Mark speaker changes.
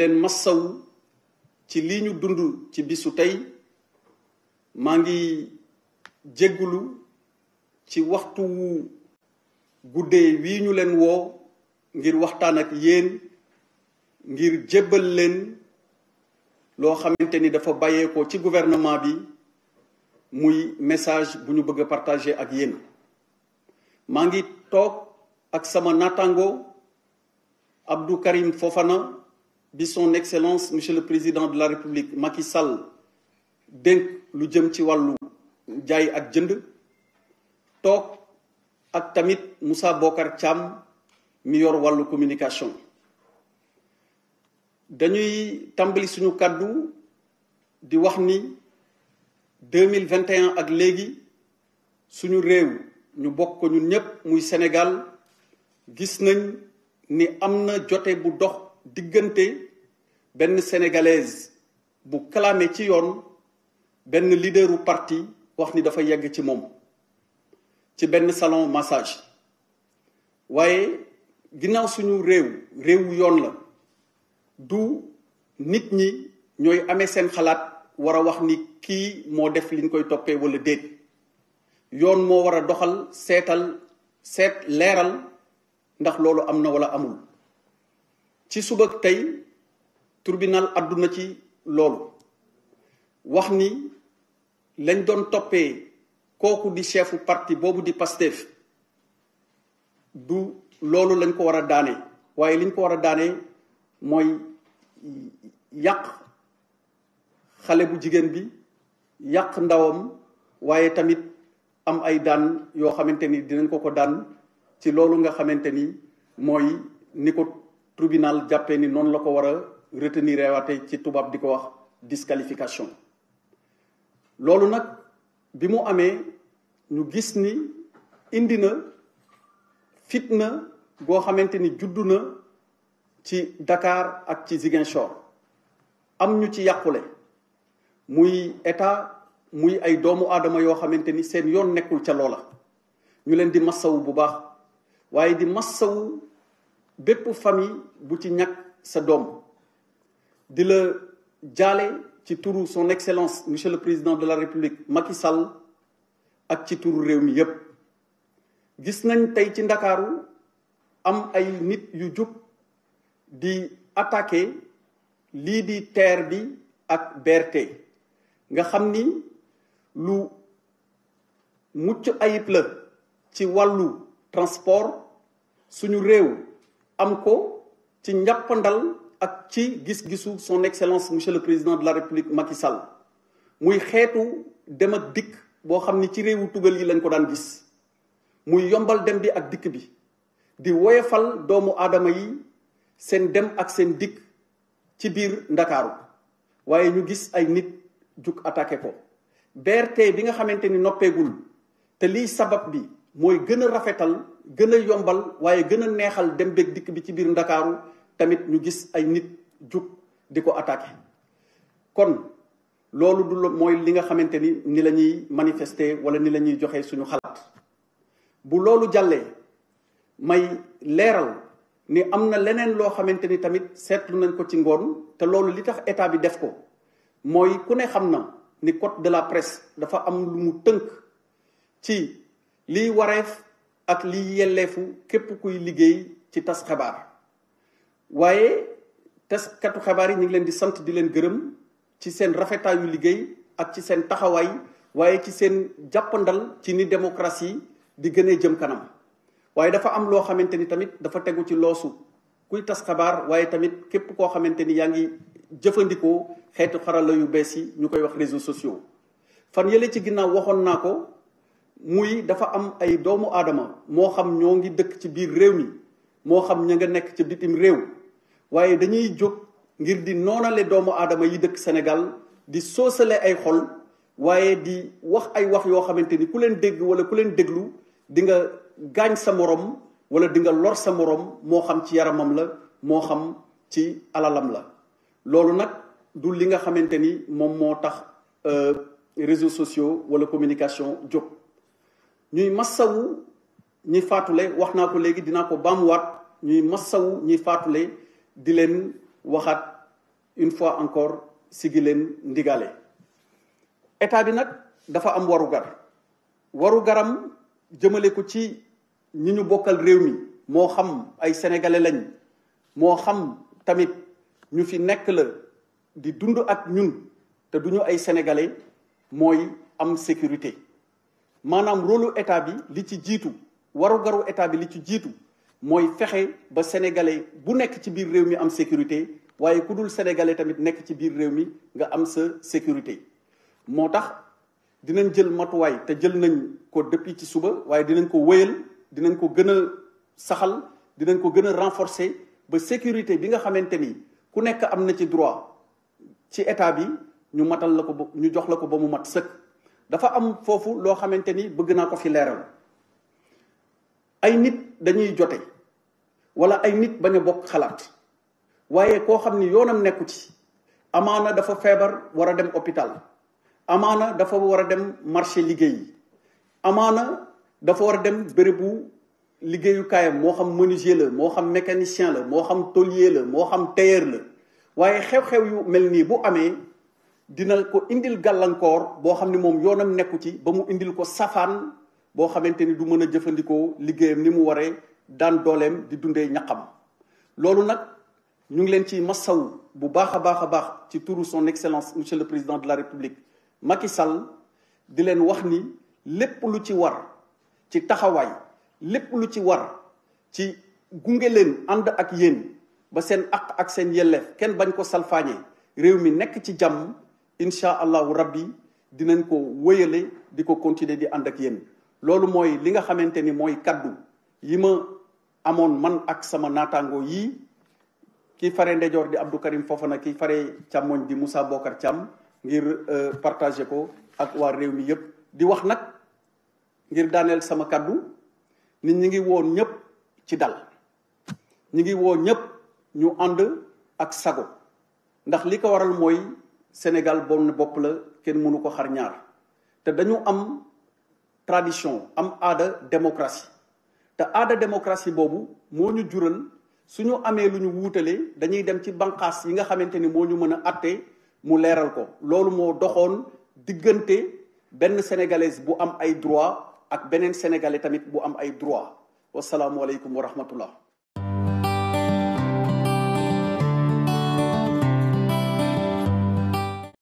Speaker 1: leen massawu ci lii ñu dund ci bisu tey maa ngi jéggulu ci waxtu wu guddee wii ñu leen woo ngir waxtaan ak yéen ngir jébbal leen loo xamante ni dafa bàyyeekoo ci gouvernement bi muy message bu ñu bëgg a partager ak yéen maa ngi toog ak sama natango Abdou Karim Fofana bi son excellence monsieur le président de la république Macky Sall dénk lu jëm ci wàllu jaay ak jënd toog ak tamit Moussa Bokar Thiam mi yor wàllu communication dañuy tàmbali suñu kàddu di wax ni deux mille vingt et ak léegi suñu réew ñu bokk ko ñun ñëpp muy Sénégal gis nañ ni am na jote bu dox diggante benn sénégalaise bu clamé ci yoon benn leaderu parti wax ni dafa yegg ci moom ci benn salon massage waaye ginnaaw suñu réew réewu yoon la du nit ñi ñooy ame seen xalaat war a wax ni kii moo def liñ koy toppee wala déet yoon moo war a doxal seetal seet leeral ndax loolu am na wala amul ci suba tey tribunal àdduna ci loolu wax ni lañ doon toppee kooku di chefu parti boobu di Pastef du loolu lañ ko war a daane waaye liñ ko war a daane mooy yàq xale bu jigéen bi yàq ndawam waaye tamit am ay daan yoo xamante ni dinañ ko ko daan ci loolu nga xamante ni mooy ni ko tribunal jàppee ni noonu la ko war retenir waate ci tubaab di ko wax disqualification loolu nag bi mu amee ñu gis ni indi na fit na goo xamante ni juddu na ci dakaar ak ci Ziguinchor am ñu ci yàqule muy état muy ay doomu aadama yoo xamante ni seen yoon nekkul ca loola ñu leen di massawu bu baax waaye di massawu bépp famille bu ci ñàkk sa doom di la jaale ci turu son excellence monsieur le président de la république Macky Sall ak ci turu réew mi yépp gis nañ tey ci ndakaaru am ay nit yu jub di attaqué lii di TER bi ak berte nga xam ni lu mucc ayib la ci wàllu transport suñu réew am ko ci njàppandal ak ci gis-gisu son excellence monsieur le président de la république Macky Sall muy xeetu dem ak dikk boo xam ni ci réewu tugal yi lañ ko daan gis muy yombal dem bi ak dikk bi di woyofal doomu aadama yi seen dem ak seen dikk ci biir ndakaaru waaye ñu gis ay nit jug attaqué ko BRT bi nga xamante ni noppeegul te liy sabab bi mooy gën a rafetal gën a yombal waaye gën a neexal dem beeg dikk bi ci biir ndakaaru tamit ñu gis ay nit jug di ko attaqué kon loolu du mooy li nga xamante ni ni la ñuy manifester wala ni lañuy ñuy joxe suñu xalaat bu loolu jàllee may leeral ni am na leneen loo xamante ni tamit seetlu nañ ko ci ngoon te loolu li tax état bi def ko mooy ku ne xam na ni code de la presse dafa am lu mu tënk ci liy wareef ak liy yelleefu képp kuy liggéey ci tas xibaar waaye taskatu xabaar yi ñu ngi leen di sant di leen gërëm ci seen rafetaayu liggéey ak ci seen taxawaay waaye ci seen jàppandal ci ni démocratie di gënee jëm kanam waaye dafa am loo xamante ni tamit dafa tegu ci loosu kuy tas xabaar waaye tamit képp koo xamante ni yaa ngi jëfandikoo xeetu xarala yu bees yi ñu koy wax réseaux sociaux fan yële ci ginnaaw waxoon naa ko muy dafa am ay doomu aadama moo xam ñoo ngi dëkk ci biir réew mi moo xam ña nga nekk ci bitim réew waaye dañuy jóg ngir di noonale doomu aadama yi dëkk Sénégal di soosale ay xol waaye di wax ay wax yoo xamante ni ku leen dégg wala ku leen déglu di nga gaañ sa morom wala di nga lor sa moroom moo xam ci yaramam la moo xam ci alalam la loolu nag du li nga xamante ni moom moo tax euh, réseaux sociaux wala communication jóg ñuy massawu ñi faatule wax naa ko léegi dinaa ko baamuwaat ñuy massawu ñi faatule di leen waxaat une fois encore si gi leen ndigale état bi nag dafa am warugar warugaram jëmale ko ci ñi ñu bokkal réew mi moo xam ay sénégalais lañ moo xam tamit ñu fi nekk la di dund ak ñun te du ñu ay sénégalais mooy am sécurité maanaam rôlu état bi li ci jiitu warugaru état bi li ci jiitu mooy fexe ba sénégalais bu nekk ci biir réew mi am sécurité waaye ku dul sénégalais tamit nekk ci biir réew mi nga am sa sécurité moo tax dinañ jël matuwaay te jël nañ ko depuis ci suba waaye dinañ ko wéyal dinañ ko gën a saxal dinañ ko gën a renforcer ba sécurité bi nga xamante ni ku nekk am na ci droit ci état bi ñu matal la ko ñu jox la ko ba mu mat sëkk dafa am foofu loo xamante ni bëgg naa ko fi leeral ay nit dañuy jote wala ay nit bañu bokk xalaat waaye koo xam ni yoonam nekku ci amaana dafa feebar war a dem hôpital amaana dafa war a dem marché liggéey yi amaana dafa war a dem bérébu liggéeyukaayam moo xam menuisier la moo xam mécanicien la moo xam tôlier la moo xam tailleur la waaye xew-xew yu mel nii bu amee dina ko indil gàllankoor boo xam ne moom yoonam nekku ci ba mu indil ko safaan boo xamante ni du mën a jëfandikoo liggéeyam ni mu waree daan dooleem di dundee ñaqam loolu nag ñu ngi leen ci massaw bu baax a baax a baax ci turu son excellence monsieur le président de la république Macky di leen wax ni lépp lu ci war ci taxawaay lépp lu ci war ci gunge leen ànd ak yéen ba seen àq ak seen yelleef kenn bañ ko salfaañee réew mi nekk ci jàmm incha allahu rabbi nañ ko wéyale di ko continuer di ànd ak yéen loolu mooy li nga xamante ni mooy kàddu yi ma amoon man ak sama naataango yii kii fare ndejoor di Abdou Karim Fofana kii fare càmmoñ di Moussa Bokar Thiam ngir euh, partager ko ak waa réew mi yëpp di wax nag ngir daaneel sama kàddu nit ñi ngi woon ñëpp ci dal ñi ngi woo ñëpp ñu ànd ak sago ndax li ko waral mooy Sénégal bon bopp la kenn mënu ko xar ñaar te dañu am tradition am aada démocratie te aada démocratie boobu moo ñu jural su ñu amee lu ñu wuutalee dañuy dem ci banqaas yi nga xamante ni moo ñu mën a àtte mu leeral ko loolu moo doxoon diggante benn sénégalaise bu am ay droit ak beneen sénégalais tamit bu am ay droit wasalaamualeykum wa rahmatullah